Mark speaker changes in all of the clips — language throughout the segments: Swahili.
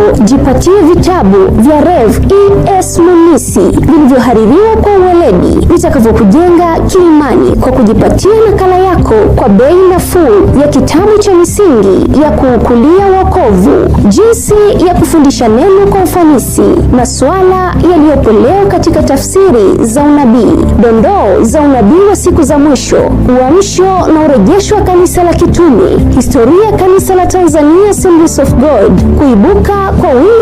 Speaker 1: yako, jipatie vitabu vya Rev ES Munisi vilivyohaririwa kwa uweledi vitakavyokujenga kiimani kwa kujipatia nakala yako kwa bei nafuu ya kitabu cha Misingi ya Kuukulia Wokovu, Jinsi ya Kufundisha Neno kwa Ufanisi, Masuala Yaliyopolewa katika Tafsiri za Unabii, Dondoo za Unabii wa Siku za Mwisho, Uamsho na Urejesho wa Kanisa la Kitume, Historia ya Kanisa la Tanzania Assemblies of God, Kuibuka kwa wingi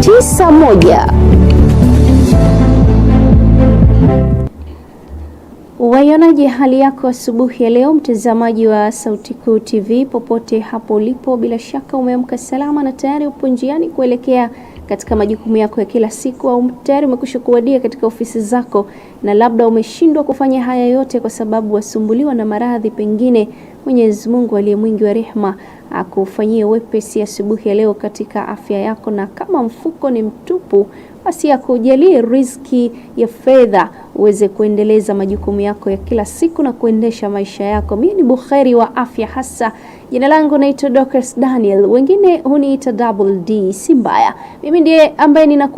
Speaker 1: 91.
Speaker 2: Waionaje hali yako asubuhi ya leo, mtazamaji wa Sauti Kuu TV popote hapo ulipo? Bila shaka umeamka salama na tayari upo njiani kuelekea katika majukumu yako ya kila siku, au tayari umekwisha kuwadia katika ofisi zako, na labda umeshindwa kufanya haya yote kwa sababu wasumbuliwa na maradhi pengine Mwenyezi Mungu aliye mwingi wa rehema akufanyie wepesi asubuhi ya leo katika afya yako, na kama mfuko ni mtupu, basi akujalie riziki ya fedha uweze kuendeleza majukumu yako ya kila siku na kuendesha maisha yako. Mimi ni bukheri wa afya hasa. Jina langu naitwa Dorcas Daniel, wengine huniita Double D, si mbaya. Mimi ndiye ambaye nina